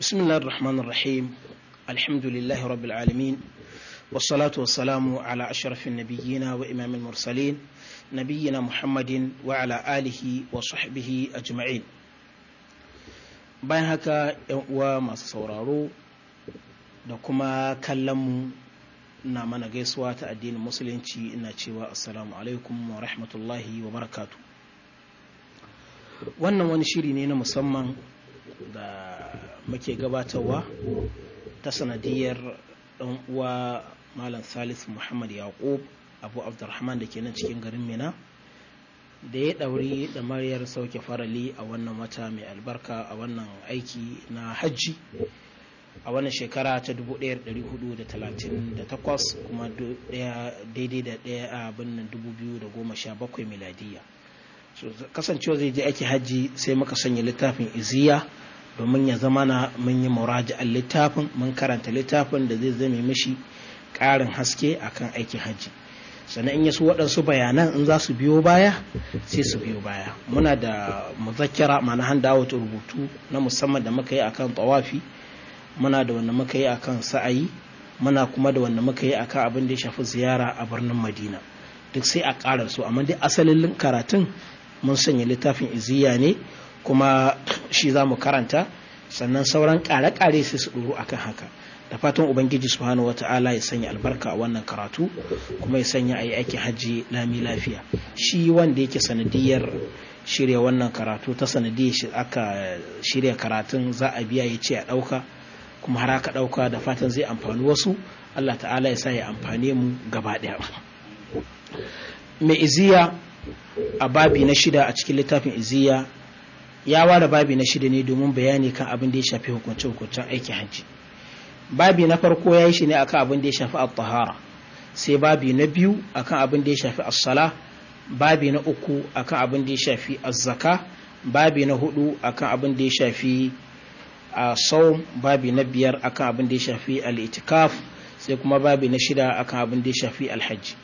بسم الله الرحمن الرحيم الحمد لله رب العالمين والصلاة والسلام على أشرف النبيين وإمام المرسلين نبينا محمد وعلى آله وصحبه أجمعين bayan haka uwa masu sauraro da kuma kallonmu na mana gaisuwa ta addinin musulunci ina cewa assalamu alaikum wa rahmatullahi wa barakatu wannan wani shiri ne na musamman da muke gabatarwa ta sanadiyar ɗan uwa malam salis muhammad yaqub abu abdurrahman da ke nan cikin garin mina da ya ɗauri da maryar sauke farali a wannan wata mai albarka a wannan aiki na hajji a wannan shekara ta 1438 kuma daidai da ɗaya a binnin 2017 miladiyya kasancewa zai je aiki hajji sai muka sanya littafin iziya domin ya zama na mun yi muraji'an littafin mun karanta littafin da zai zame mishi karin haske akan aikin hajji sannan in yasu waɗansu bayanan in za su biyo baya sai su biyo baya muna da muzakkira ma'ana handout rubutu na musamman da muka yi akan tawafi muna da wanda muka yi akan sa'ayi muna kuma da wanda muka yi akan abin da ya shafi ziyara a birnin madina duk sai a ƙara su amma dai asalin karatun mun sanya littafin iziya ne kuma shi za mu karanta sannan sauran ƙare kare sai su ɗoro akan haka da fatan ubangiji subhanahu wata'ala ya sanya albarka a wannan karatu kuma ya sanya a yi aikin hajji lami lafiya shi wanda yake sanadiyar shirya wannan karatu ta sanadiyar shi aka shirya karatun za a biya ya ce a ɗauka kuma har aka ɗauka da fatan zai amfani wasu allah ta'ala ya sa ya amfane mu gaba ɗaya mai iziya a babi na shida a cikin littafin iziya ya ware babi na shida ne domin bayani kan abin da ya shafi hukunce hukuncen aikin hajji babi na farko ya yi shi ne akan abin da ya shafi al tahara sai babi na biyu akan abin da ya shafi as-sala babi na uku akan abin da ya shafi az babi na hudu akan abin da ya shafi a saum babi na biyar akan abin da ya shafi al-itikaf sai kuma babi na shida akan abin da ya shafi al-hajji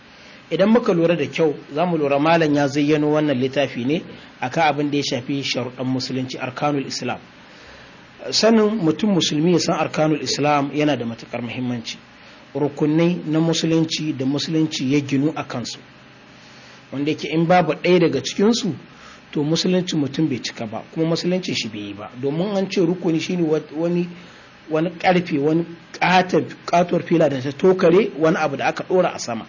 idan muka lura da kyau za mu lura malam ya zayyano wannan littafi ne a akan abin da ya shafi sharuɗan musulunci arkanul islam sanin mutum musulmi ya san arkanul islam yana da matukar muhimmanci rukunai na musulunci da musulunci ya ginu a kansu wanda yake in babu ɗaya daga cikinsu to musulunci mutum bai cika ba kuma musulunci shi bai yi ba domin an ce rukuni shine wani wani karfe wani katuwar fila da ta tokare wani abu da aka ɗora a sama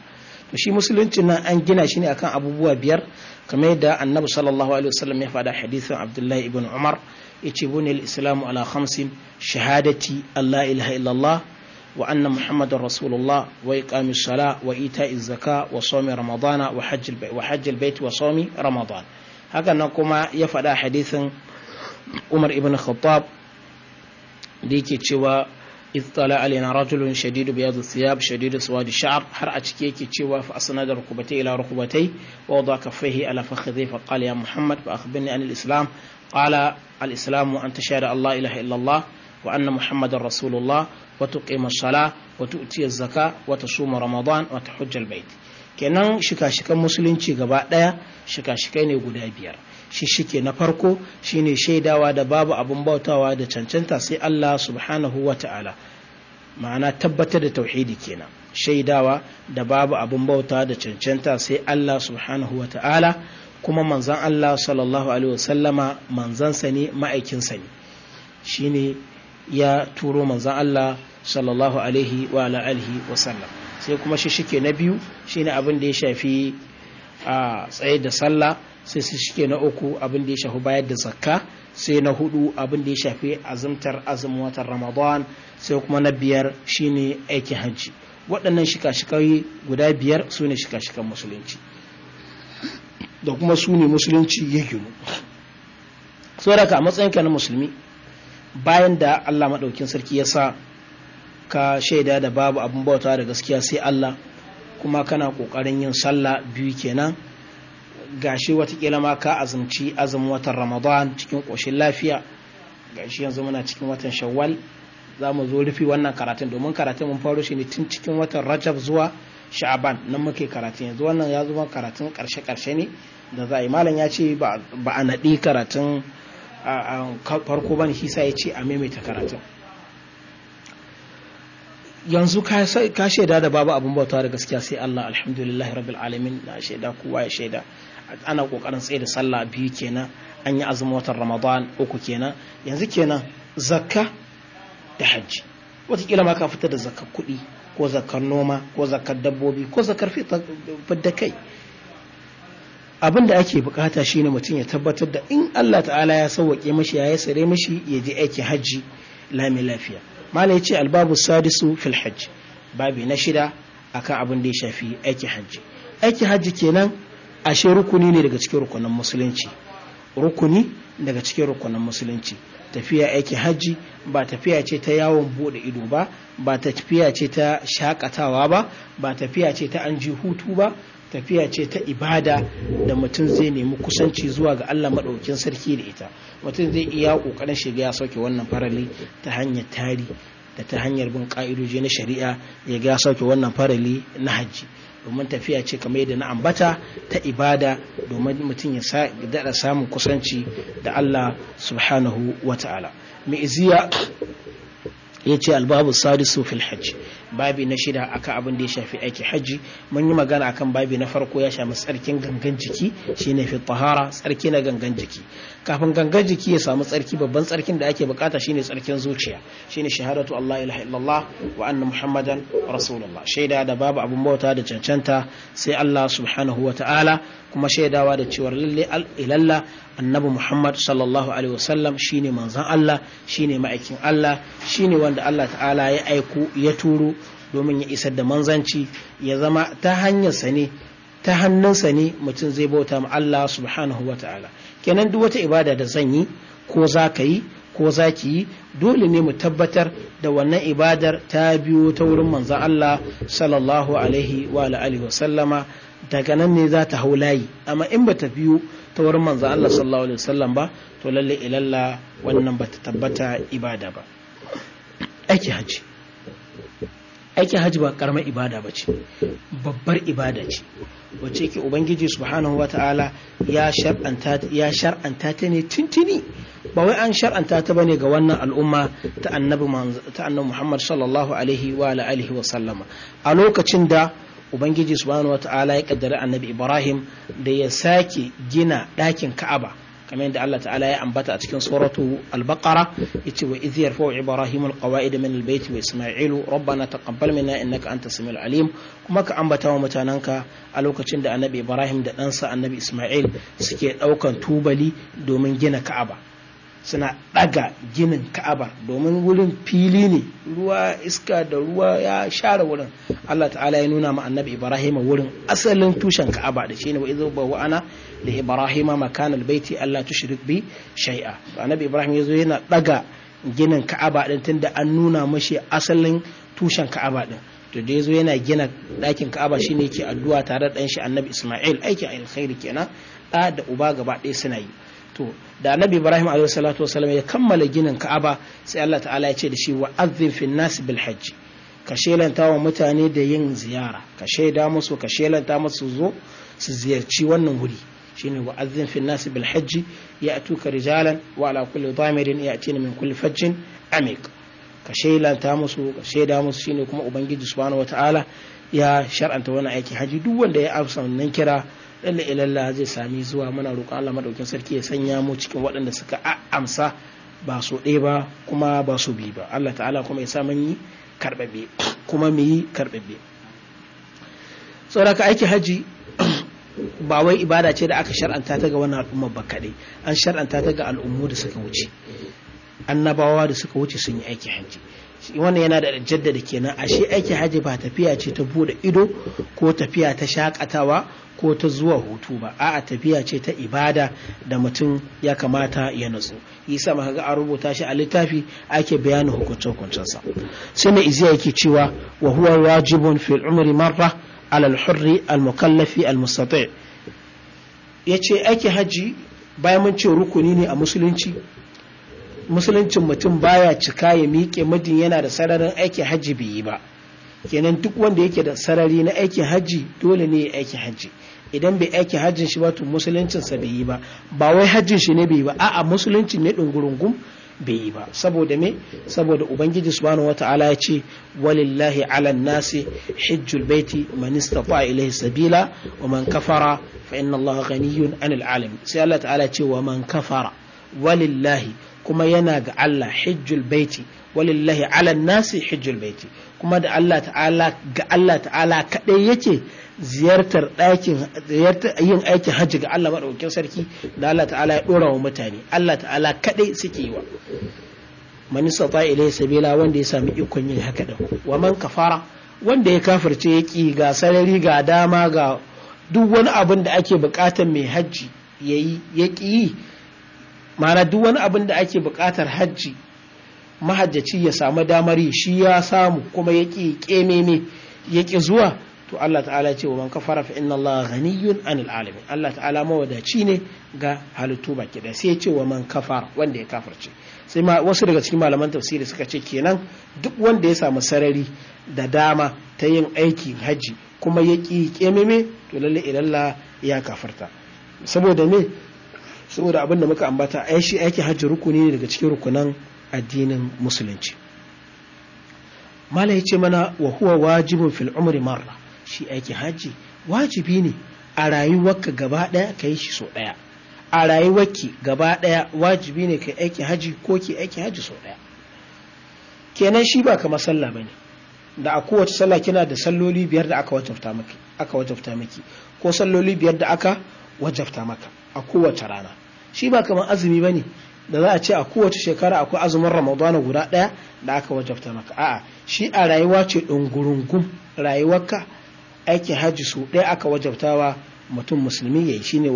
shi musulunci nan an gina shi ne akan abubuwa biyar kamar yadda annabi sallallahu alaihi wasallam ya faɗa hadisin abdullahi ibn umar yace bunil islamu ala khamsin shahadati allah ilaha illallah wa anna muhammadar rasulullah wa iqamis sala wa ita'iz zaka wa sawmi ramadana wa hajjil wa hajjil bait wa sawmi ramadan haka nan kuma ya faɗa hadisin umar ibn khattab da yake cewa iztala alaina rajulun shadidu biyadu siyab shadidu suwadi sha'ar har a ciki yake cewa fa da rukubatai ila rukubatai wa wada kaffaihi ala fakhidhi fa qala ya muhammad fa akhbirni an al-islam qala al islamu an tashhadu allah ilaha illallah wa anna muhammadar rasulullah wa tuqima as-salah wa tu'ti az wa ramadan wa tahujja al-bayt kenan shika-shikan musulunci gaba daya shika-shikai ne guda biyar shi shike na farko shine shaidawa da babu abin bautawa da cancanta sai Allah subhanahu wa ta'ala ma'ana tabbatar da tauhidi kenan shaidawa da babu abin bauta da cancanta sai Allah subhanahu wa ta'ala kuma manzan Allah sallallahu alaihi wasallama manzansa ne ma'aikinsa ne shine ya turo manzan Allah sallallahu alaihi wa alihi wasallam sai kuma shi shike na biyu shine abin da ya shafi a tsaye da sallah sai su shike na uku abin da ya shafi bayar da zakka sai na hudu abin da ya shafi azumtar azumin watan ramadan sai kuma na biyar shine aikin hajji waɗannan shika-shikai guda biyar su ne shika-shikan musulunci da kuma su ne musulunci ya ginu saboda a matsayinka na musulmi bayan da allah maɗaukin sarki ya sa ka shaida da babu abin bauta da gaskiya sai allah kuma kana ƙoƙarin yin sallah biyu kenan gashi watakila ma ka azumci azumin watan ramadan cikin koshin lafiya gashi yanzu muna cikin watan shawwal za mu zo rufe wannan karatun domin karatun mun faro shi ne tun cikin watan rajab zuwa sha'aban nan muke karatun yanzu wannan ya zama karatun karshe-karshe ne da za a yi malam ya ce ba a naɗi karatun farko ba ne shi sa ya ce a maimaita karatun yanzu ka shaida da babu abin bautawa da gaskiya sai Allah alhamdulillah rabbil alamin na shaida kowa ya shaida ana kokarin tsaye da sallah biyu kenan an yi azumin watan ramadan uku kenan yanzu kenan zakka da hajji watakila ma ka fita da zakka kuɗi ko zakkar noma ko zakkar dabbobi ko zakkar fidda kai abin da ake bukata shine mutum ya tabbatar da in Allah ta'ala ya sauwaƙe mashi ya yi sare mashi ya je aiki hajji lami lafiya mala ya ce albabu sadisu fil hajji babi na shida akan abin da ya shafi aiki hajji aiki hajji kenan ashe rukuni ne daga cikin rukunin musulunci rukuni daga cikin rukunin musulunci tafiya aiki hajji ba tafiya ce ta yawon bude ido ba ba tafiya ce ta shakatawa ba ba tafiya ce ta an ji hutu ba tafiya ce ta ibada da mutum zai nemi kusanci zuwa ga Allah maɗaukin sarki da ita mutum zai iya ƙoƙarin shiga ya sauke wannan farali ta hanyar tari da ta hanyar bin ƙa'idoji na shari'a ya ga sauke wannan farali na hajji domin tafiya ce kamar yadda na ambata ta ibada domin mutum ya daɗa samun kusanci da Allah subhanahu wa ta'ala mai ya ce albabu sadisu fil hajji babi na shida akan abin da ya shafi aiki hajji mun yi magana akan babi na farko ya shafi tsarkin gangan jiki shine fi tahara tsarki na gangan jiki kafin gangan jiki ya samu tsarki babban tsarkin da ake bukata shine tsarkin zuciya shine shahadatu Allah ilaha illallah wa anna muhammadan rasulullah shaida da babu abin bauta da cancanta sai Allah subhanahu wa ta'ala kuma shaidawa da cewar lalle ilalla annabi muhammad sallallahu alaihi wasallam shine manzon allah shine ma'aikin allah shine wanda allah ta'ala ya aiko ya turo domin ya isar da manzanci ya zama ta hanyarsa ne ta hannunsa ne mutum zai bauta ma allah subhanahu wa ta'ala kenan duk wata ibada da zan yi ko za ka yi ko za ki yi dole ne mu tabbatar da wannan ibadar ta biyo ta wurin manzan Allah sallallahu alaihi wa alihi wasallama daga nan ne za ta hau layi amma in ba ta biyo ta wurin manzo Allah sallallahu alaihi wasallam ba to lalle ilalla wannan ba ta tabbata ibada ba aiki haji aiki haji ba karamar ibada ba ce babbar ibada ce wacce ke ubangiji subhanahu wataala ya shar'anta ya shar'anta ta ne tintini ba wai an shar'anta ta bane ga wannan al'umma ta annabi ta annabi Muhammad sallallahu alaihi wa alihi wa sallama a lokacin da ubangiji subhanahu wata'ala ya kaddara annabi ibrahim da ya sake gina ɗakin ka'aba kamar yadda Allah ta'ala ya ambata a cikin suratu al-baqara yace wa idh yarfa'u ibrahim al-qawa'id min al-bayt wa isma'ilu rabbana taqabbal minna innaka anta samiul alim kuma ka ambata wa mutanenka a lokacin da annabi ibrahim da ɗansa annabi isma'il suke ɗaukan tubali domin gina ka'aba suna ɗaga ginin ka'aba domin wurin fili ne ruwa iska da ruwa ya share wurin Allah ta'ala ya nuna ma annabi Ibrahim wurin asalin tushen ka'aba da shine wa idza bawa ana li Ibrahim makan albayti Allah tushrik bi shay'a annabi Ibrahim yazo yana ɗaga ginin ka'aba din tunda an nuna mashi asalin tushen ka'aba din to da yazo yana gina ɗakin ka'aba shine yake addu'a tare da ɗan shi annabi Isma'il aiki alkhairi kenan ɗa da uba gaba ɗaya suna yi to da annabi ibrahim alaihi salatu wasallam ya kammala ginin ka'aba sai allah ta'ala ya ce da shi wa'azzin fin nas bil hajj ka shelanta wa mutane da yin ziyara ka shaida musu ka shelanta musu zo su ziyarci wannan wuri shine wa'azzin fi nas bil hajj tuka rijalan wa ala kulli dhamirin ya'tina min kulli fajjin amiq ka shelanta musu ka shaida musu shine kuma ubangiji subhanahu ta'ala ya shar'anta wani aiki hajji, duk wanda ya amsa wannan kira lalle ilalla zai sami zuwa muna roƙon Allah madaukin sarki ya sanya mu cikin waɗanda suka amsa ba so ɗaya ba kuma ba so biyu ba Allah ta'ala kuma ya sa mun yi karɓaɓe kuma mu yi karɓaɓe saboda aiki hajji ba wai ibada ce da aka shar'anta ta ga wani al'umma ba kaɗai an shar'anta ta ga al'ummu da suka wuce annabawa da suka wuce sun yi aiki hajji. wannan yana da jaddada kenan ashe aiki hajji ba tafiya ce ta bude ido ko tafiya ta shakatawa ko ta zuwa hutu ba a'a tafiya ce ta ibada da mutum ya kamata ya natsu yasa maka ga an rubuta shi a littafi ake bayanin hukuncin hukuncinsa sai na iziya yake cewa wa huwa wajibun fil umri marra ala al-hurri al-mukallafi al-mustati' yace aiki haji bayan mun ce rukuni ne a musulunci musuluncin mutum baya cika ya miƙe mijin yana da sararin aikin hajji bai yi ba kenan duk wanda yake da sarari na aikin hajji dole ne ya aiki hajji idan bai aiki hajjin shi ba to musuluncin sa bai yi ba ba wai hajjin shi ne bai yi ba a'a musuluncin ne dungurungum bai yi ba saboda me saboda ubangiji subhanahu wata'ala ya ce walillahi ala nasi hijjul baiti man istata ilayhi sabila wa man kafara fa inna allaha ghaniyyun anil alamin sai Allah ta'ala ce wa man kafara walillahi kuma yana ga Allah hijjul baiti walillahi ala nasi hijjul baiti kuma da Allah ta'ala ga Allah ta'ala kadai yake ziyartar ɗakin yin aikin haji ga Allah maɗaukin sarki da Allah ta'ala ya ɗora wa mutane Allah ta'ala kaɗai suke yi wa man sata ilai sabila wanda ya sami ikon yin haka da wa man kafara wanda ya kafirce ya ki ga sarari ga dama ga duk wani abin da ake buƙatar mai hajji yayi ya ki yi ma'ana duk wani abin da ake buƙatar hajji mahajjaci ya samu damar yi shi ya samu kuma ya ƙi ƙememe ya ƙi zuwa to Allah ta'ala ce wa man kafara fa inna Allah ghaniyun anil alamin Allah ta'ala mawadaci ne ga halittu baki da sai ya ce wa man kafara wanda ya kafirce sai ma wasu daga cikin malaman tafsiri suka ce kenan duk wanda ya samu sarari da dama ta yin aikin hajji kuma ya ƙi ƙememe to lalle ilalla ya kafarta saboda me saboda abin da muka ambata ai shi aikin hajji rukuni ne daga cikin rukunan addinin musulunci mala ya ce mana wa huwa wajibun fil umri marra shi aikin hajji wajibi ne a rayuwarka gaba ɗaya ka yi shi sau ɗaya a rayuwarki gaba ɗaya wajibi ne ka aiki haji ko ki aiki haji sau ɗaya kenan shi ba kamar sallah bane da a kowace sallah kina da salloli biyar da aka wajabta maka, aka wajabta miki ko salloli biyar da aka wajabta maka a kowace rana shi ba kamar azumi ba ne da za a ce a kowace shekara akwai azumin ramadana guda ɗaya da aka wajabta maka a'a shi a rayuwa ce ɗungurungun rayuwarka aikin hajji su ɗaya aka wajabtawa mutum musulmi ya yi shine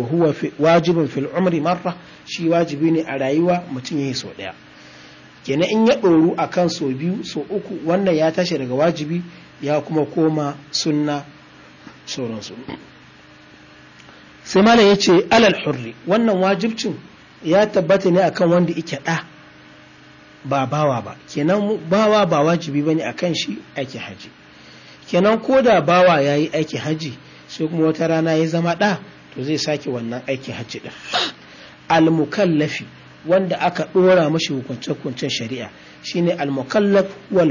wajibin fil umri marra shi wajibi ne a rayuwa mutum ya yi sau ɗaya kenan in ya ɗoru a kan sau biyu sau uku wannan ya tashi daga wajibi ya kuma koma sunna sauransu sai malam ya ce alal hurri wannan wajibcin ya tabbata ne akan wanda ike da ba bawa ba kenan bawa ba wajibi bane akan shi ake haji kenan ko da bawa ya yi aiki haji sai kuma wata rana ya zama ɗa to zai sake wannan aiki haji ɗin almukallafi wanda aka ɗora mashi hukunce-hukuncen shari'a shine almukallaf wal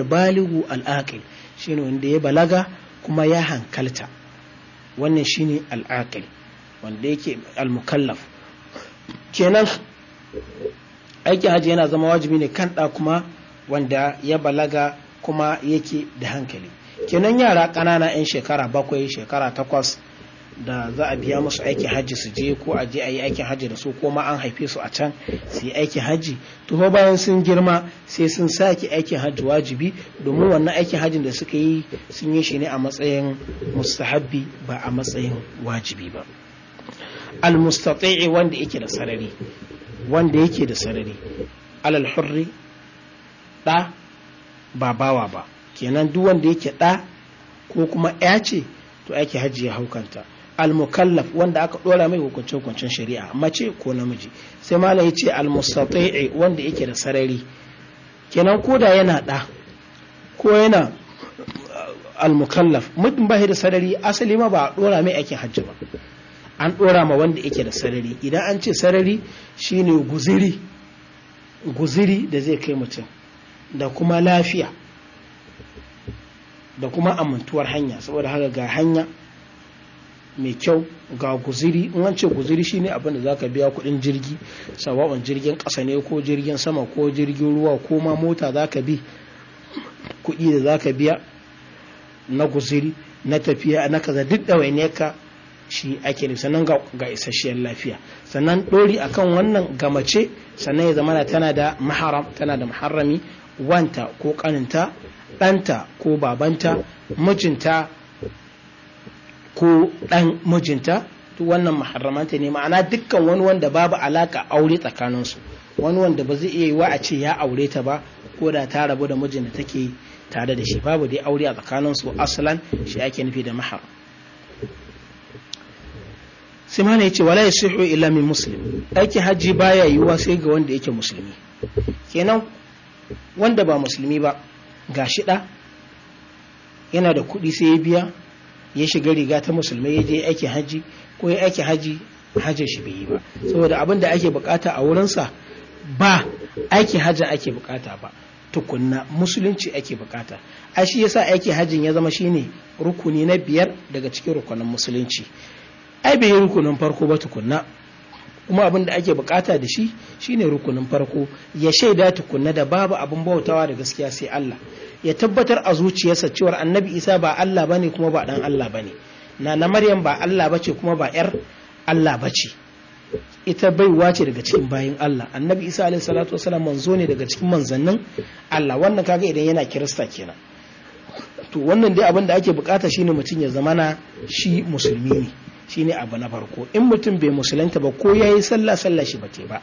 al aqil shine wanda ya balaga kuma ya hankalta wannan shine aqil wanda yake almukallaf kenan aikin haji yana zama wajibi ne kan ɗa kuma wanda ya balaga kuma yake da hankali kenan yara ƙanana 'yan shekara bakwai shekara takwas da za a biya musu aikin haji su je ko a je a yi aikin haji da su ko ma an haife su a can su yi aikin haji. to fa bayan sun girma sai sun sake aikin haji wajibi domin wannan aikin hajjin da suka yi sun yi shi ne a matsayin mustahabbi ba a matsayin wajibi ba almustati'i wanda yake da sarari wanda yake da sarari alal hurri ɗa ba bawa ba kenan duk wanda yake ɗa ko kuma ya ce to ake hajji ya haukanta almukallaf wanda aka ɗora mai hukuncin hukuncin shari'a mace ko namiji sai mala ya ce almustati'i wanda yake da sarari kenan ko da yana ɗa ko yana almukallaf muddin ba da sarari asali ma ba a ɗora mai ake hajji ba an ɗora ma wanda yake da sarari idan an ce sarari shine guziri guziri da zai kai mutum da kuma lafiya da kuma amintuwar hanya saboda haka ga hanya mai kyau ga guziri in an ce guziri shine abin da zaka biya kuɗin jirgi sawa'un jirgin ƙasa ne ko jirgin sama ko jirgin ruwa ko ma mota zaka bi kuɗi da zaka biya na guziri na tafiya na kaza duk da ka. shi ake nufi sannan ga isasshiyar lafiya sannan ɗori akan wannan ga mace sannan ya zamana tana da maharam tana da muharrami wanta ko ƙaninta ɗanta ko babanta mijinta ko ɗan mijinta duk wannan maharamanta ne ma'ana dukkan wani wanda babu alaka aure tsakaninsu wani wanda ba zai iya yiwa a ce ya aure ta ba ko da ta rabu da mijin da take tare da shi babu dai aure a tsakaninsu asalan shi ake nufi da maharam. sai mana yace wala yasihu illa min muslim aiki haji baya yiwuwa sai ga wanda yake musulmi kenan wanda ba musulmi ba ga da yana da kuɗi sai ya biya ya shiga riga ta musulmai ya je aiki haji ko ya aiki haji hajjin shi bai yi ba saboda abin da ake bukata a wurinsa ba aiki hajjin ake bukata ba tukunna musulunci ake bukata a shi yasa aiki hajjin ya zama shine rukuni na biyar daga cikin rukunin musulunci ai bai yi rukunin farko ba tukunna kuma abin da ake bukata da shi shine rukunin farko ya shaida tukunna da babu abin bautawa da gaskiya sai Allah ya tabbatar a zuciyarsa cewar annabi isa ba Allah bane kuma ba dan Allah bane na na maryam ba Allah bace kuma ba yar Allah bace ita baiwa ce daga cikin bayin Allah annabi isa alaihi salatu wasalam manzo ne daga cikin manzannin Allah wannan kaga idan yana kirista kenan to wannan dai abin da ake bukata shine mutum ya zamana shi musulmi ne Shi ne abu na farko in mutum bai musulunta ba ko ya yi sallah sallah shi ba ba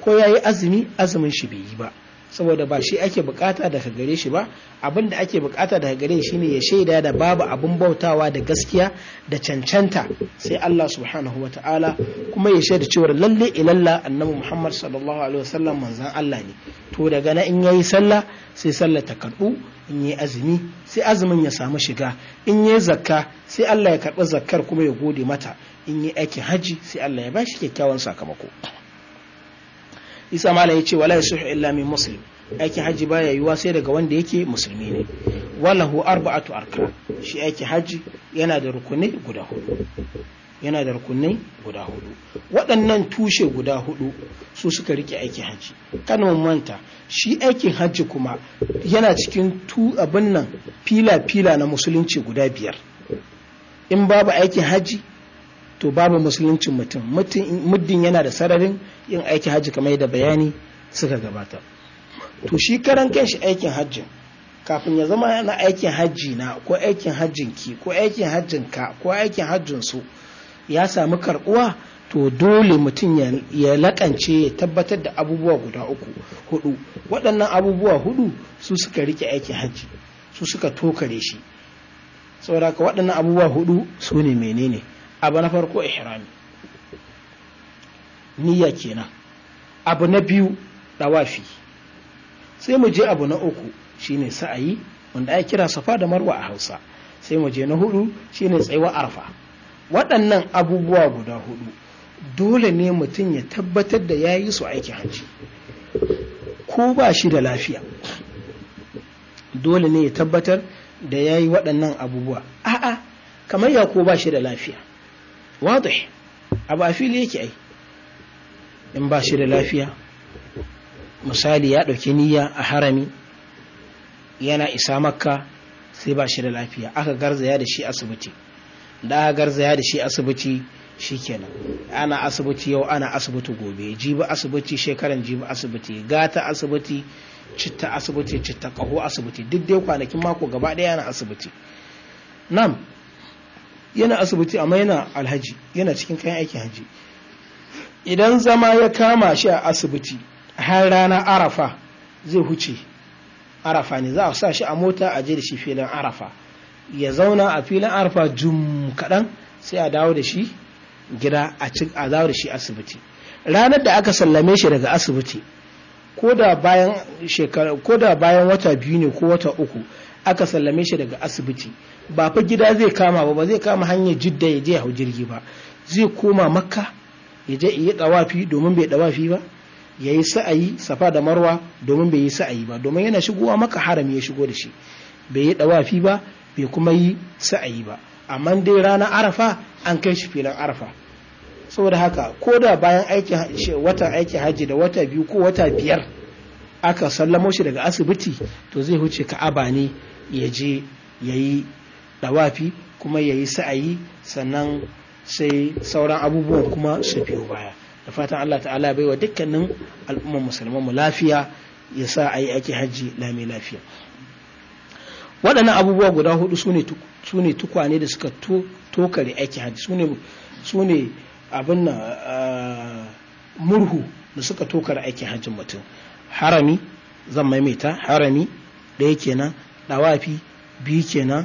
ko yi azumi azumin shi bai yi ba saboda ba shi ake bukata daga gare shi ba abin da ake bukata daga gare shi ne ya shaida da babu abin bautawa da gaskiya da cancanta sai Allah subhanahu wa ta'ala kuma ya shaida cewar lalle ilalla annabi Muhammad sallallahu alaihi wasallam manzon Allah ne to daga na in yayi sallah sai sallah ta karbu in yayi azumi sai azumin ya samu shiga in yayi zakka sai Allah ya karbi zakkar kuma ya gode mata in yi aikin haji sai Allah ya bashi kyakkyawan sakamako isa malam ce wala yasuhu illa min muslim aikin haji baya yiwuwa sai daga wanda yake musulmi ne walahu arba'atu arkan shi aikin haji yana da rukunai guda hudu yana da rukunai guda hudu waɗannan tushe guda hudu su suka rike aikin hajji kanin manta shi aikin hajji kuma yana cikin tu abin nan fila-fila na musulunci guda biyar in babu aikin hajji to babu musuluncin mutum muddin yana da sararin yin aikin hajji kamar yadda bayani suka gabata to shi karan kanshi aikin hajji, kafin ya zama na aikin hajji na ko aikin hajjin ki ko aikin hajjin ka ko aikin hajjin su ya sami karbuwa to dole mutum ya lakance ya tabbatar da abubuwa guda uku hudu waɗannan abubuwa hudu su suka rike aikin hajji su suka tokare shi saboda ka waɗannan abubuwa hudu su ne menene abu na farko ihrami niyya kenan abu na biyu dawafi sai mu je abu na uku shine sa'ayi wanda ake kira safa da marwa a hausa sai mu je na hudu shine tsaiwa arfa waɗannan abubuwa guda hudu dole ne mutum ya tabbatar da ya yi su aikin hajji ko ba shi da lafiya dole ne ya tabbatar da ya yi waɗannan abubuwa a'a kamar ya ko ba shi da lafiya wadih abu a fili yake ai in ba shi da lafiya misali ya ɗauki niyya a harami yana isa makka sai ba shi da lafiya aka garzaya da shi asibiti da aka garzaya da shi asibiti kenan, ana asibiti yau ana asibiti gobe jibi asibiti shekaran jibi asibiti gata asibiti citta asibiti citta kaho asibiti duk dai kwanakin mako gaba ɗaya na asibiti nam yana asibiti amma yana alhaji yana cikin kayan aikin haji idan zama ya kama shi a asibiti har rana arafa zai huce arafa ne za a sa shi a mota a je da shi filin arafa ya zauna a filin arafa jum kaɗan sai a dawo da shi gida a dawo da shi asibiti ranar da aka sallame shi daga asibiti ko da bayan wata biyu ne ko wata uku aka sallame shi daga asibiti ba fa gida zai kama ba ba zai kama hanyar jidda ya je ya hau jirgi ba zai koma makka ya je yi dawafi domin bai dawafi ba ya yi sa'ayi safa da marwa domin bai yi sa'ayi ba domin yana shigowa maka haram ya shigo da shi bai yi dawafi ba bai kuma yi sa'ayi ba amma dai ranar arafa an kai shi filan arafa saboda haka ko da bayan watan aikin hajji da wata biyu ko wata biyar aka sallamo shi daga asibiti to zai huce ka'aba ne ya je ya yi lawafi kuma ya yi sa'ayi sannan sai sauran abubuwan kuma su biyo baya da fatan Allah ta'ala bai wa dukkanin al'umman musulman mu lafiya ya sa a yi ake hajji lami lafiya waɗannan abubuwa guda hudu su ne tukwane da suka tokare aiki hajji su ne abin na ah, murhu da suka tokare ake hajjin mutum harami zan maimaita harami ɗaya kenan ɗawafi biyu kenan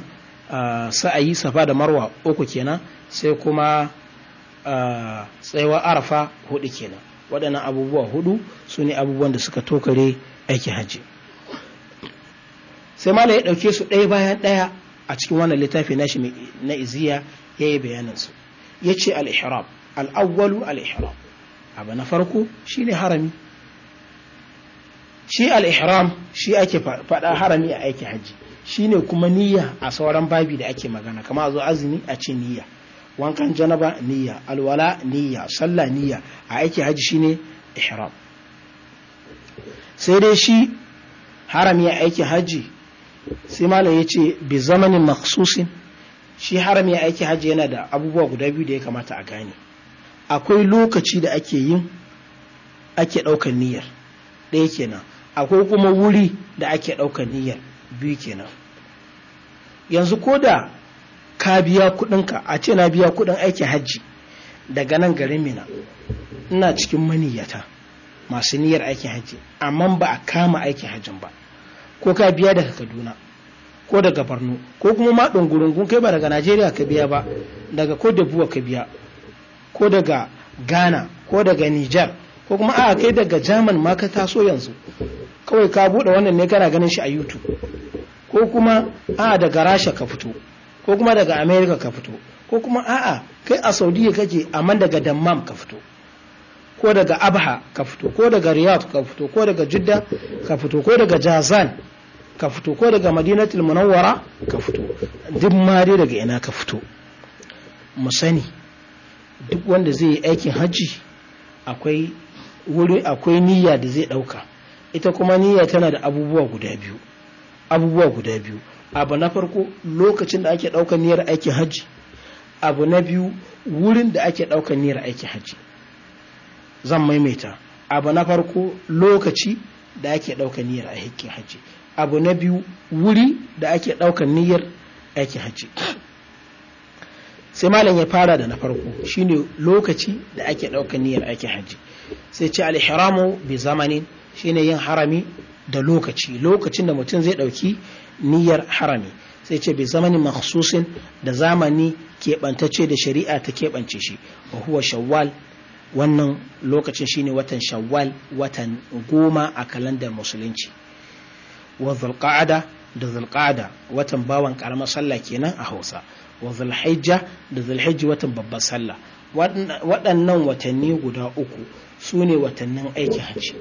Ah, sa'ayi safa da marwa uku kenan sai kuma ah, tsayuwar arafa hudu kenan waɗannan abubuwa hudu su ne abubuwan da suka tokare aiki hajji sai malam ya ɗauke su ɗaya bayan ɗaya a cikin wannan littafi na iziya ya yi bayaninsu ya ce al-ihram al-awwalu al-ihram abu na farko shi ne harami shi al-ihram shi ake faɗa harami a aiki hajji shine kuma niyya a sauran babi da ake magana kama azo zo azumi a ce niyya wankan janaba niyya alwala niyya sallah niyya a aiki haji shine ihram sai dai shi harami ya aiki haji sai malam ya ce bi zamanin maksusin shi harami ya aiki haji yana da abubuwa guda biyu da ya kamata a gane akwai lokaci da ake yin ake ɗaukar niyyar ɗaya kenan akwai kuma wuri da ake ɗaukar niyyar biyu kenan yanzu ko da ka biya kudinka a ce na biya kudin aikin hajji daga nan garin mina ina cikin maniyyata masu niyyar aikin hajji amma ba a kama aikin hajjin ba ko ka biya daga kaduna ko daga Barno ko kuma ma gurungun kai ba daga najeriya ka biya ba daga ko da buwa ka biya ko daga ghana ko daga nijar ko kuma a kai daga jaman ma ka taso yanzu kawai ka buɗe wannan ne kana ganin shi a youtube ko kuma a daga rasha ka fito ko kuma daga america ka fito ko kuma a'a kai a saudiya kake amma daga dammam ka fito ko daga abha ka fito ko daga riyadh ka fito ko daga jidda ka fito ko daga jazan ka fito ko daga madinatul munawwara ka fito duk ma dai daga ina ka fito mu sani duk wanda zai yi aikin hajji akwai wuri akwai niyya da zai ɗauka ita kuma niyya tana da abubuwa guda biyu abubuwa guda biyu abu na farko lokacin da ake ɗaukar niyyar aikin hajji abu na biyu wurin da ake ɗaukar niyyar aikin hajji zan maimaita abu na farko lokaci da ake ɗaukar niyyar aikin hajji abu na biyu wuri da ake ɗaukar niyyar aikin hajji sai malam ya fara da na farko shine lokaci da ake ɗaukar niyyar aikin hajji sai ce alihramu bi zamani shine yin harami da lokaci lokacin da mutum zai ɗauki niyyar harami sai ce bi zamani makhsusin da zamani keɓantacce da shari'a ta keɓance shi wa huwa shawwal wannan lokacin shine watan shawwal watan goma a kalandar musulunci wa zulqa'ada da zulqa'ada watan bawan karamar sallah kenan a Hausa wa zulhijja da zulhijji watan babbar sallah waɗannan watanni guda uku su ne watannin aikin hajji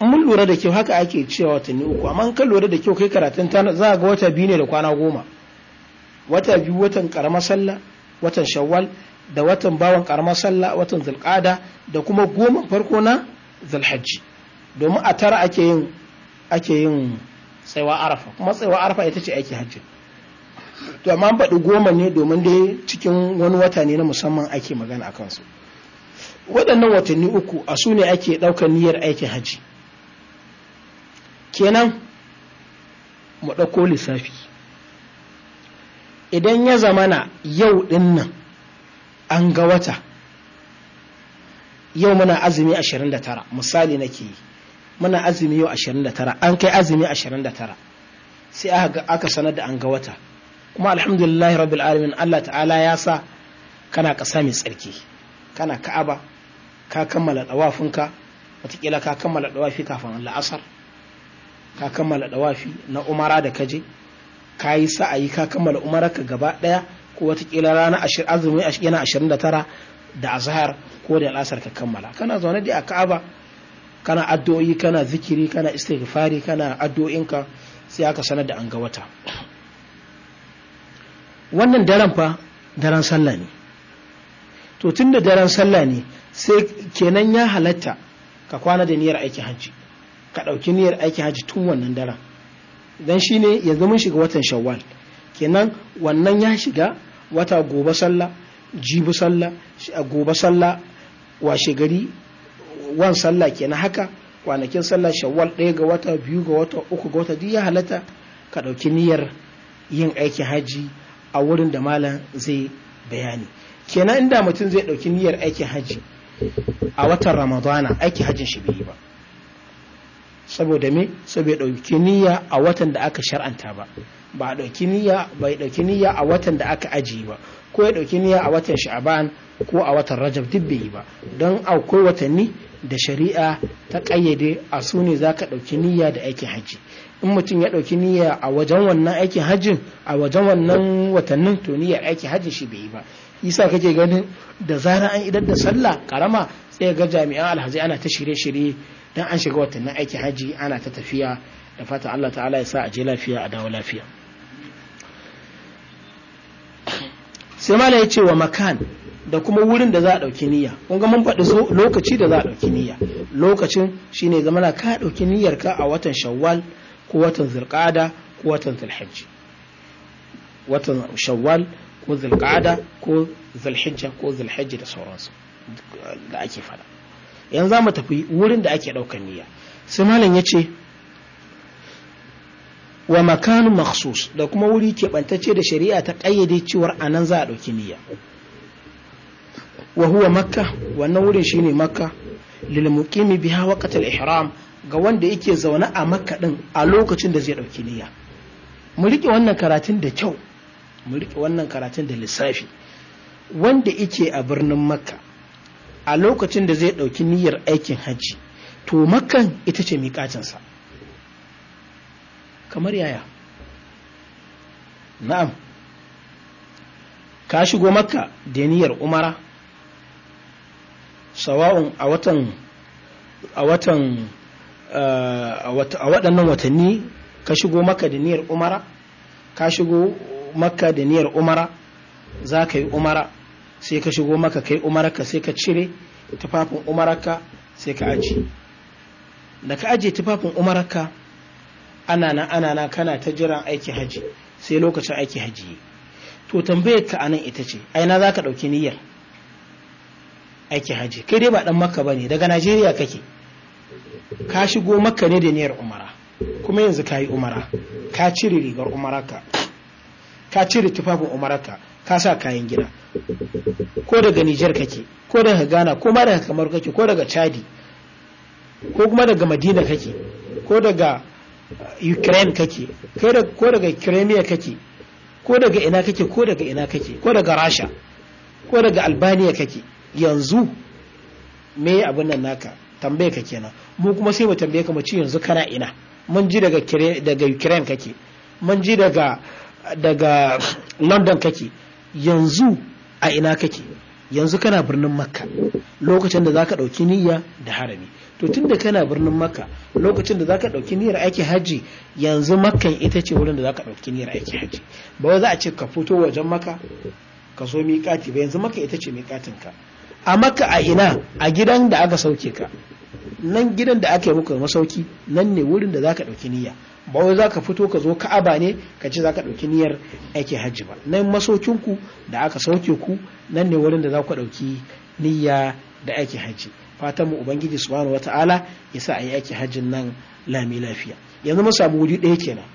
mun lura da kyau haka ake cewa watanni uku amma kan lura da kyau kai karatun ta za ga wata biyu ne da kwana goma wata biyu watan karamar sallah watan shawwal da watan bawan karamar sallah watan zulqada da kuma goma farko na zulhajji domin a tara ake yin ake yin tsaiwa arafa kuma tsaiwa arafa ita ce aiki hajji to amma an faɗi goma ne domin dai cikin wani wata ne na musamman ake magana a kansu waɗannan watanni uku a su ne ake ɗaukar niyyar aikin hajji kenan mu ɗauko lissafi idan ya zamana yau ɗin nan an ga wata yau muna azumi 29 misali nake yi muna azumi yau 29 an kai azumi 29 sai aka sanar da an ga wata kuma alhamdulillahi rabbil alamin Allah ta'ala ya sa kana ƙasa mai tsarki kana ka'aba ka kammala ɗawafinka watakila ka kammala dawafi kafin la'asar ka kammala dawafi na umara da kaje ka yi sa'ayi ka kammala umararka gaba ɗaya ko watakila rana azumi yana ashirin da tara da azhar ko da al'asar ka kammala kana zaune da a ka'aba kana addu'o'i kana zikiri kana istighfari kana addu'o'inka sai aka sanar da an ga wata wannan daren fa daren sallah ne to tunda daren sallah ne sai kenan ya halatta ka kwana da niyyar aikin hajji ka ɗauki niyyar aikin hajji tun wannan Don shi ne yanzu mun shiga watan shawwal kenan wannan ya shiga wata gobe sallah Jibu sallah gobe sallah washe gari wan sallah kenan haka kwanakin sallah shawwal ɗaya ga wata biyu ga wata uku ga wata duk ya halatta ka ɗauki niyyar yin aikin hajji a wurin da malam zai bayani kenan inda mutum zai ɗauki niyyar aikin hajji a watan ramadana aiki hajjin shi bai yi ba saboda me saboda ɗauki niyya a watan da aka shar'anta ba ba a niyya bai ɗauki niyya a watan da aka ajiye ba ko ya ɗauki niyya a watan Shaban ko a watan rajab duk bai yi ba don akwai watanni da shari'a ta kayyade a sune ne za ka ɗauki niyya da aikin hajji in mutum ya ɗauki niyya a wajen wannan aikin hajjin a wajen wannan watannin to niyyar aikin hajjin shi bai yi ba isa kake ganin da zara an idan da sallah karama sai ga jami'an alhaji ana ta shirye-shirye dan an shiga watannin aiki haji ana ta tafiya da fata Allah ta'ala ya sa a je lafiya a dawo lafiya sai mala ya ce wa makan da kuma wurin da za a ɗauki niyya kun ga mun faɗi so lokaci da za a ɗauki niyya lokacin shine zama na ka ɗauki niyyar ka a watan shawwal ko watan zulqada ko watan zulhajji watan shawwal ko zulqada ko zulhijja ko zulhajji da sauransu da ake fada yanzu za mu tafi wurin da ake ɗaukar niyya sai malam ya ce wa makanu maksus da kuma wuri keɓantacce da shari'a ta ƙayyade cewar a nan za a ɗauki niyya wa huwa makka wannan wurin shine makka lil muqimi biha waqtal ihram ga wanda yake zaune a makka din a lokacin da zai ɗauki niyya mu riƙe wannan karatun da kyau mu rike wannan karatun da lissafi wanda yake a birnin makka a lokacin da zai ɗauki niyyar aikin hajji to makkan ita ce miƙacinsa kamar yaya na'am ka shigo makka da niyyar umara sawa'un a watan a watan eh, a waɗannan watanni ka shigo Makka da niyyar umara ka shigo makka da niyar umara za ka yi umara sai ka shigo maka kai umarka sai ka cire tufafin umararka sai ka aji da ka aje tufafin umarka ana nan ana nan kana ta jiran aiki haji sai lokacin aiki haji to tambayar ka anan ita ce aina za ka ɗauki niyyar aiki haji kai dai ba dan makka ba ne daga najeriya kake ka shigo makka ne da niyyar umara kuma yanzu ka yi umara ka cire rigar umararka ka cire tufafin Umaraka ka sa kayan gida ko daga Nijar kake ko daga Ghana ko ma daga kamar kake ko daga Chadi ko kuma daga Madina kake ko daga uh, Ukraine kake ko daga Crimea kake ko daga ina kake ko daga ina kake ko daga Rasha ko daga Albania kake yanzu me abin nan naka tambaye ka kenan mu kuma sai mu tambaye ka mu ci yanzu kana ina mun ji daga daga Ukraine kake mun ji daga daga london kake yanzu a ina kake yanzu kana birnin makka lokacin da za ka ɗauki niyya da harami to tun da kana birnin makka lokacin da za ka ɗauki niyyar aiki hajji yanzu makkan ita ce wurin da za ka ɗauki niyyar aiki hajji ba wai za a ce ka fito wajen makka ka so miƙati ba yanzu makka ita ce ka, a makka a ina a gidan da aka sauke ka nan gidan da aka yi muku masauki nan ne wurin da za ka ɗauki niyya ba wai za ka fito ka zo ka'aba ne ka ce zaka ɗauki niyyar aiki hajji ba nan masokinku da aka sauke ku nan ne wurin da za ku ɗauki niyya da aiki hajji fatan mu ubangiji subhanahu wata'ala ya sa a yi aiki hajjin nan lami lafiya yanzu masu abu wuri ɗaya kenan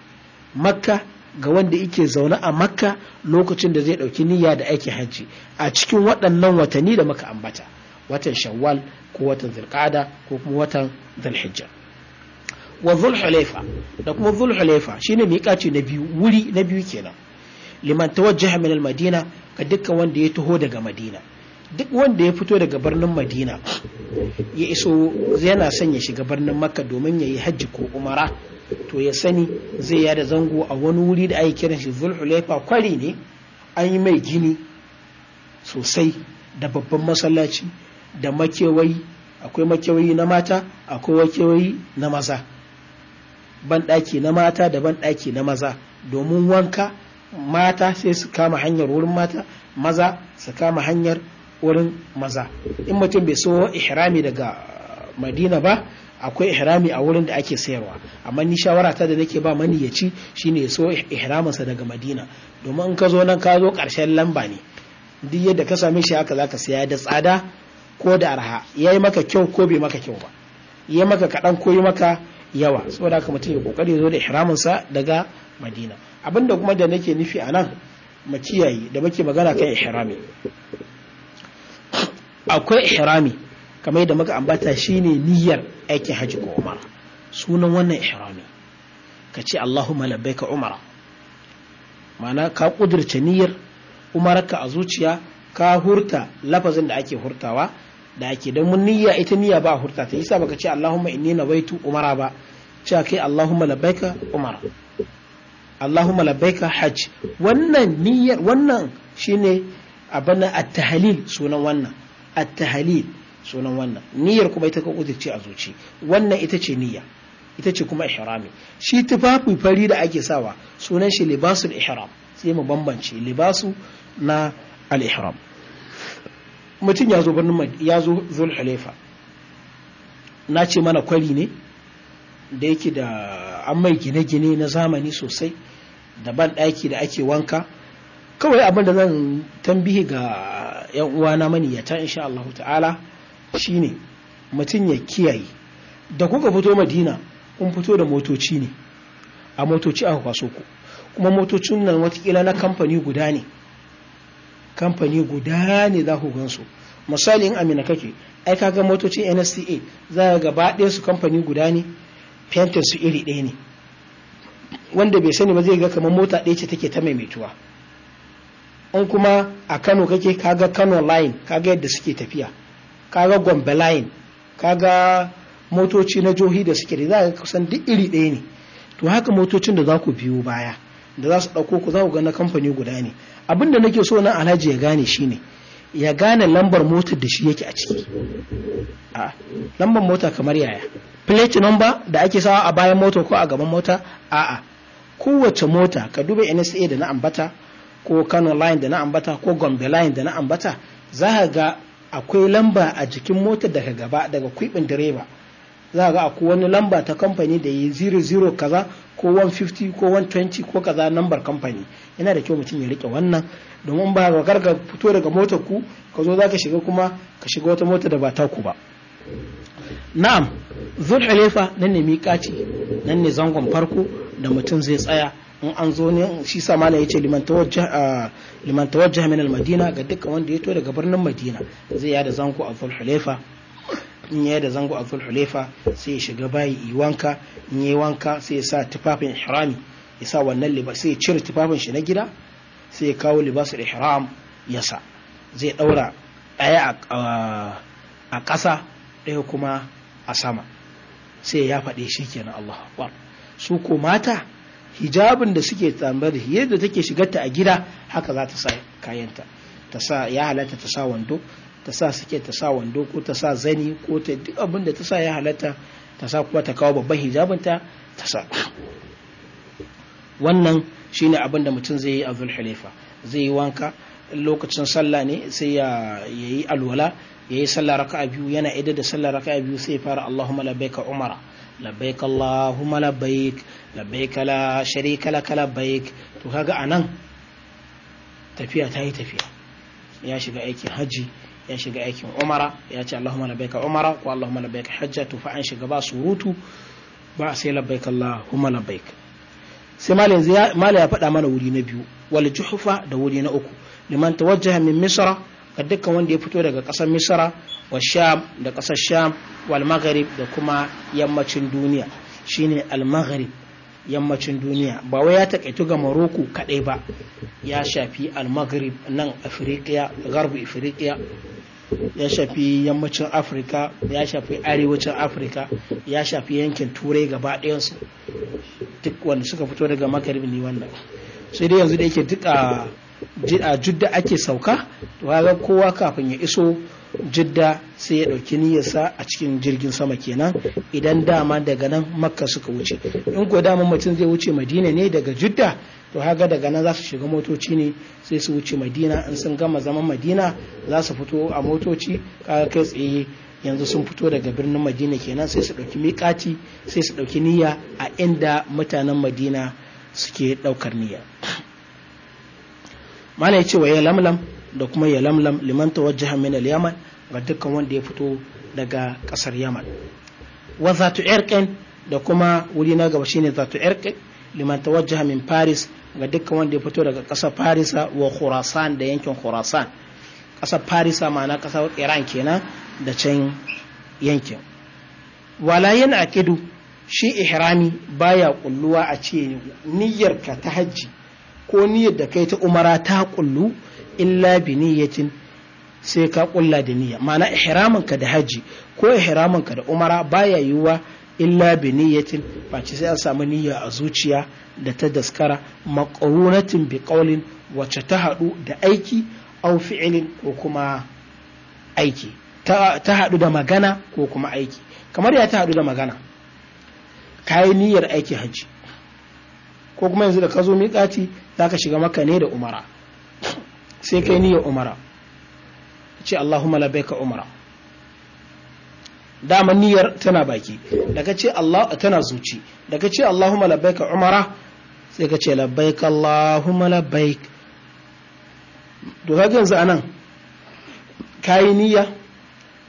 makka ga wanda yake zaune a makka lokacin da zai ɗauki niyya da aiki hajji a cikin waɗannan watanni da muka ambata watan shawwal ko watan zulqa'ada ko kuma watan zulhijja wa zulhulaifa da kuma zulhulaifa shine miƙaci na biyu wuri na biyu kenan liman tawajjaha min madina ga dukkan wanda ya taho daga madina duk wanda ya fito daga birnin madina ya iso yana son ya shiga birnin makka domin ya yi hajji ko umara to ya sani zai yada zango a wani wuri da ake kiran shi zulhulaifa kwari ne an yi mai gini sosai da babban masallaci da makewayi akwai makewayi na mata akwai makewayi na maza banɗaki na mata da banɗaki na maza domin wanka mata sai su kama hanyar wurin mata maza su kama hanyar wurin maza in mutum bai so ihrami daga madina ba akwai ihrami a wurin da ake sayarwa amma ni shawara ta da nake ba mani ya maniyaci shine ya so ihraminsa daga madina domin in ka zo nan ka zo ƙarshen lamba ne duk yadda ka same shi haka zaka saya da tsada ko da arha yayi maka kyau ko bai maka kyau ba yayi maka kaɗan ko yi maka yawa saboda haka mutum ya kokari zo da ihramin sa daga madina abinda kuma da nake nufi a nan mu kiyaye da muke magana kan ihrami akwai ihrami kamar yadda muka ambata shine niyyar aikin haji ko umara sunan wannan ihrami ka ce Allahumma labbaika umara mana ka kudirce niyyar umarka a zuciya ka hurta lafazin da ake hurtawa da ake don mun niyya ita niyya ba hurta ta yasa baka ce Allahumma inni nawaitu umara ba cewa kai Allahumma labbaika umara Allahumma labbaika hajj wannan niyyar wannan shine abana at-tahlil sunan wannan at-tahlil sunan wannan niyyar kuma ita ka kudirce a zuci wannan ita ce niyya ita ce kuma ihrami shi tufafi fari da ake sawa sunan shi libasul ihram sai mu bambance libasu na al-ihram mutum ya zo birnin ya zo halifa na ce mana kwari ne da yake da an mai gine-gine na zamani sosai da ban ɗaki da ake wanka kawai abin da zan tambihi ga yan uwana maniyata insha Allah ta'ala shine mutum ya kiyaye da kuka fito madina kun fito da motoci ne a motoci aka kwaso ku kuma motocin nan watakila na kamfani guda ne kamfani guda ne za ku gansu misali in amina kake ai kaga motocin NSTA za ga gaba ɗaya su kamfani guda ne fentin su iri ɗaya ne wanda bai sani ba zai ga kamar mota ɗaya ce take ta maimaituwa in kuma a Kano kake kaga Kano line kaga yadda suke tafiya kaga Gombe line kaga motoci na johi da suke da za ga kusan duk iri ɗaya ne to haka motocin da za ku biyo baya da za su ɗauko ku za ku ga na kamfani guda ne abin da nake so nan alhaji ya gane shine ya gane lambar motar da shi yake a ciki a lambar mota kamar yaya plate number da ake sawa a bayan mota ko a gaban mota a'a kowace mota ka duba NSA da na ambata ko Kano line da na ambata ko Gombe line da na ambata za ka ga akwai lamba a jikin motar daga gaba daga kwibin direba za ga akwai wani lamba ta kamfani da yi 00 kaza ko 150 ko 120 ko kaza lambar kamfani yana da kyau mutum ya rike wannan domin ba ga ka fito daga motar ku ka zo za ka shiga kuma ka shiga wata mota da ba ta ku ba na'am halifa nan ne miƙaci nan ne zangon farko da mutum zai tsaya in an zo ne shi sa mala ya ce limantawar tawajjah min madina ga dukkan wanda ya to daga birnin madina zai yada zango a halifa in ya yada zango a zulhulefa sai ya shiga bayi yi wanka in yi wanka sai ya sa tufafin ihrami ya sa wannan libas sai ya cire tufafin shi na gida sai ya kawo libasul ihram ya sa zai daura ɗaya a ƙasa ɗaya kuma a sama sai ya faɗe shi kenan Allah akbar su ko mata hijabin da suke tambar da yadda take ta a gida haka za ta sa kayanta ta sa ya halatta ta sa wando ta sa suke ta sa wando ko ta sa zani ko ta duk abin da ta sa ya halatta ta sa kuma ta kawo babban hijabinta ta sa wannan shine abin da mutum zai yi a zulhulaifa zai yi wanka lokacin sallah ne sai ya yi alwala ya yi sallah raka'a biyu yana ida da sallah raka'a biyu sai ya fara Allahumma labbaika umara labbaik Allahumma labbaik ka la sharika lak labbaik to kaga anan tafiya ta yi tafiya ya shiga aikin haji ya shiga aikin umara ya ce Allahumma labbaika umara ko Allahumma labbaika hajja to fa an shiga ba surutu ba sai labbaik Allahumma labbaik sai mali ya faɗa mana wuri na biyu wal juhufa da wuri na uku liman tawajjaha min misra ga dukkan wanda ya fito daga ƙasar misra wa sham da ƙasar sham wal maghrib da kuma yammacin duniya shine al maghrib yammacin duniya ba wai ya takaitu ga maroko kadai ba ya shafi al maghrib nan afirikiya garbu afirikiya ya shafi yammacin afirka ya shafi arewacin afirka ya shafi yankin turai gaba ɗayansu duk wanda suka fito daga makarib ne wannan sai dai yanzu da yake duk a judda ake sauka to kowa kafin ya iso judda sai ya ɗauki niyyarsa a cikin jirgin sama kenan idan dama daga nan makka suka wuce in ko dama mutum zai wuce madina ne daga judda? to haga daga nan za su shiga motoci ne sai su wuce madina in sun gama zaman madina za su fito a motoci kaga kai tsaye yanzu sun fito daga birnin madina kenan sai su ɗauki mikati sai su ɗauki niyya a inda mutanen madina suke ɗaukar niyya mana ya ce wa ya lamlam da kuma ya lamlam liman tawajjaha min al-yaman ga dukkan wanda ya fito daga ƙasar yaman wa zatu irqin da kuma wuri na gaba shine zatu irqin liman tawajjaha min paris ga dukkan wanda ya fito daga ƙasar farisa wa khurasan da yankin khurasan ƙasar farisa ma'ana ƙasar iran kenan da can yankin walayin akidu shi ihrami baya kulluwa a ce niyyarka ta hajji ko niyyar da kai ta umara ta kullu illa bi niyyatin sai ka kulla da niyya ma'ana ihraminka da hajji ko ihraminka da umara baya yiwuwa illa bi niyyatin face sai an samu niyya a zuciya da ta daskara maqrunatin bi qawlin wacce ta hadu da aiki aw fi'lin ko kuma aiki ta hadu da magana ko kuma aiki kamar ya ta hadu da magana kayi niyyar aiki hajji ko kuma yanzu da ka zo miƙati za ka shiga maka ne da umara sai kai niyyar umara ce Allahumma labbaika umara dama niyyar tana baki daga ce Allah tana zuci daga ce Allahumma labbaika umara sai ka ce labbaik Allahumma labbaik to kaga yanzu anan kai niyya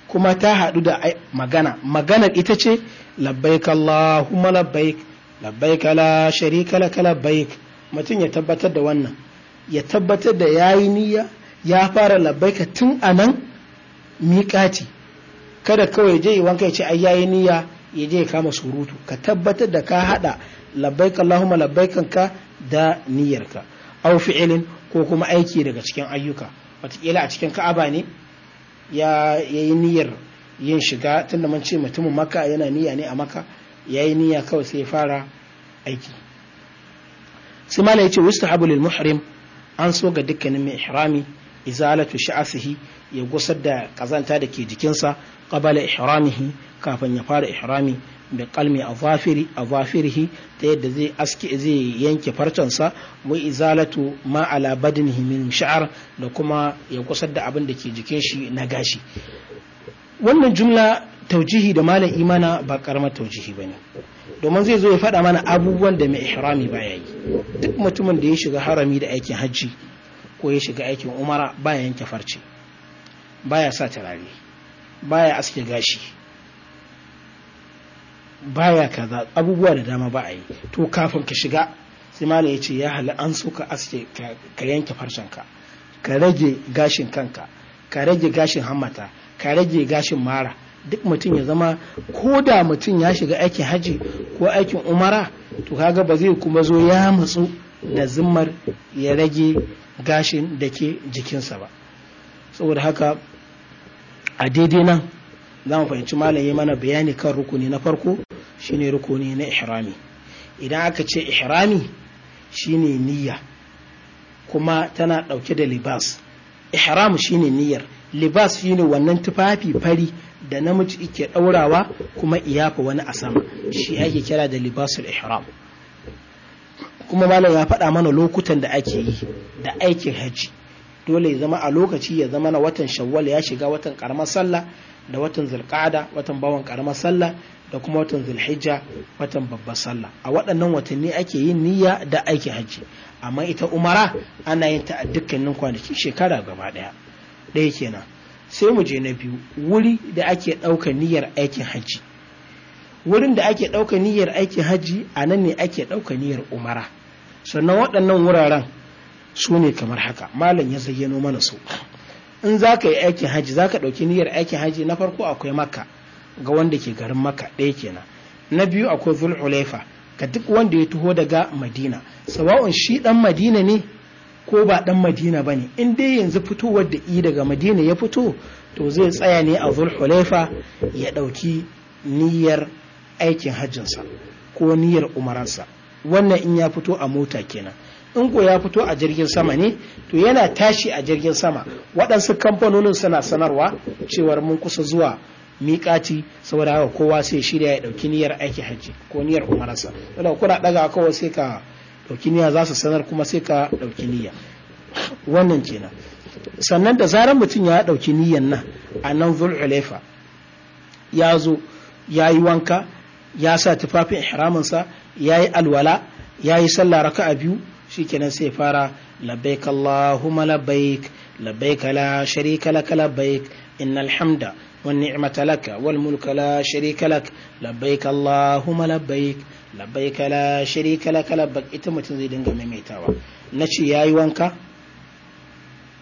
kuma ta hadu da magana magana ita ce labbaik Allahumma labbaik labbaik la sharika lak labbaik mutum ya tabbatar da wannan ya tabbatar da yayi niyya ya fara labbaika tun anan miƙati kada kawai je wanka ya ce ai yayi niyya ya je ya kama surutu ka tabbatar da ka hada labbaik allahumma labbaikan ka da niyyarka aw fi'lin ko kuma aiki daga cikin ayyuka wataƙila a cikin ka'aba ne ya yayi niyyar yin shiga tunda mun ce mutumin maka yana niyya ne a maka yayi niyya kawai sai ya fara aiki sai mala yace wustahabu lil muhrim an so ga dukkanin mai ihrami izalatu sha'asihi ya gusar da kazanta da ke jikinsa qabala ihramihi kafin ya fara ihrami bi qalmi azafiri azafirihi ta yadda zai aski zai yanke farcensa wa izalatu ma ala badnihi min sha'ar da kuma ya kusar da abin da ke jikin shi na gashi wannan jumla taujihi da malam imana ba karamar taujihi bane domin zai zo ya faɗa mana abubuwan da mai ihrami baya yi duk mutumin da ya shiga harami da aikin hajji ko ya shiga aikin umara baya yanke farce baya sa turare baya aske gashi baya kaza abubuwa da dama ba a yi to kafin ka shiga sai malam ya ce ya hali an so ka aske ka yanke farcenka ka rage gashin kanka ka rage gashin hammata ka rage gashin mara duk mutum ya zama ko da mutum ya shiga aikin haji ko aikin umara to kaga ba zai kuma zo ya matsu da zimmar ya rage gashin da ke jikinsa ba saboda haka a daidai nan za mu fahimci malaye mana bayani kan rukuni na farko shine rukuni na ihrami idan aka ce ihrami shine niyya kuma tana ɗauke da libas ihram shine niyyar libas shine wannan tufafi fari da namiji ke ɗaurawa kuma iyafa wani a sama shi ake kira da libasul ihram kuma malam ya faɗa mana lokutan da ake yi da aikin hajji dole ya zama a lokaci ya zama na watan shawwal ya shiga watan karamar sallah da watan zulqa'ada watan bawan karamar sallah da kuma watan zulhijja watan babbar sallah a waɗannan watanni ake yin niyya da aiki hajji amma ita umara ana yin ta a dukkanin kwanaki shekara gaba ɗaya ɗaya kenan sai mu je na biyu wuri da ake ɗaukar niyyar aikin hajji wurin da ake ɗaukar niyyar aikin hajji a nan ne ake ɗauka niyyar umara sannan waɗannan wuraren su ne kamar haka malam ya zayyano mana su in za ka yi aikin haji za ka ɗauki niyyar aikin haji na farko akwai maka ga wanda ke garin maka ɗaya kenan na biyu akwai zulhulaifa ga duk wanda ya taho daga madina sawa'un shi ɗan madina ne ko ba ɗan madina ba ne in dai yanzu fitowar da i daga madina ya fito to zai tsaya ne a zulhulaifa ya ɗauki niyyar aikin hajjinsa ko niyyar umaransa wannan in ya fito a mota kenan in ko ya fito a jirgin sama ne to yana tashi a jirgin sama waɗansu kamfanonin suna sanarwa cewar mun kusa zuwa miƙati saboda haka kowa sai shirya ya ɗauki niyyar aiki hajji ko niyyar umararsa Wanda kuna ɗaga kawai sai ka ɗauki niyya za su sanar kuma sai ka ɗauki niyya wannan kenan sannan da zarar mutum ya ɗauki niyyan nan a nan zul'ulaifa ya zo ya yi wanka ya sa tufafin ihraminsa ya yi alwala ya yi sallah raka'a biyu kenan sai fara labbaik allahumma labbaik labbaik la sharika lak labbaik innal hamda wan ni'mata lak wal mulka la sharika lak labbaik allahumma labbaik labbaik la sharika lak labbaik ita mutum zai dinga maimaitawa nace yayi wanka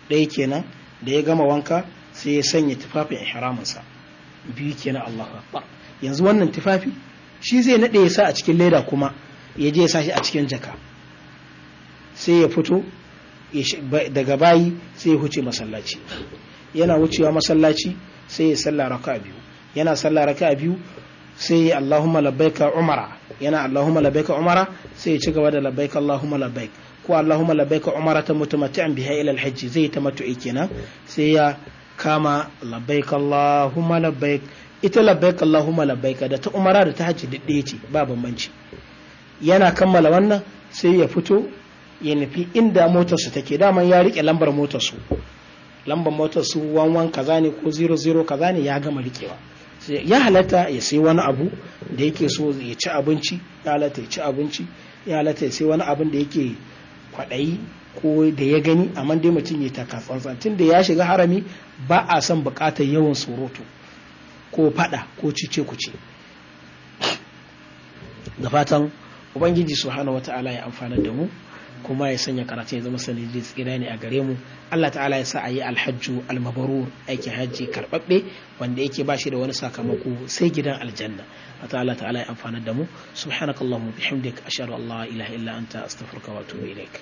ɗaya kenan da ya gama wanka sai ya sanya tufafin ihraminsa biyu kenan Allahu akbar yanzu wannan tufafi shi zai nade ya sa a cikin leda kuma ya je ya sa shi a cikin jaka sai ya fito daga bayi sai ya huce masallaci yana wucewa masallaci sai ya salla raka biyu yana salla raka biyu sai ya Allahumma labbaika umara yana Allahumma labbaika umara sai ya ci gaba da labbaika Allahumma labbaik ko Allahumma labbaika umara ta mutamatti'an biha ila alhajj zai ta tamattu'i kenan sai ya kama labbaika Allahumma labbaik ita labbaik Allahumma labbaik da ta umara da ta hajji duk ɗaya ce ba bambanci yana kammala wannan sai ya fito ya nufi inda motarsu take daman ya rike lambar motarsu lambar motarsu wanwan kaza ne ko 00 kaza ne ya gama rikewa ya halatta ya sai wani abu da yake so ya ci abinci ya halatta ya ci abinci ya halatta ya sai wani abin da yake kwaɗayi ko da ya gani amma dai mutum ya taka tsantsan tun da ya shiga harami ba a son buƙatar yawan surutu ko faɗa ko cice kuce da fatan ubangiji subhanahu wata'ala ya amfana da mu kuma ya sanya karatun ya zama sanadi tsira ne a gare mu Allah ta'ala ya sa a yi alhajju almabarur aikin hajji karɓaɓɓe wanda yake ba shi da wani sakamako sai gidan aljanna ta Ta'ala ta'ala ya amfanar da mu subhanakallahumma bihamdik ashhadu an la ilaha illa anta astaghfiruka wa atubu ilaik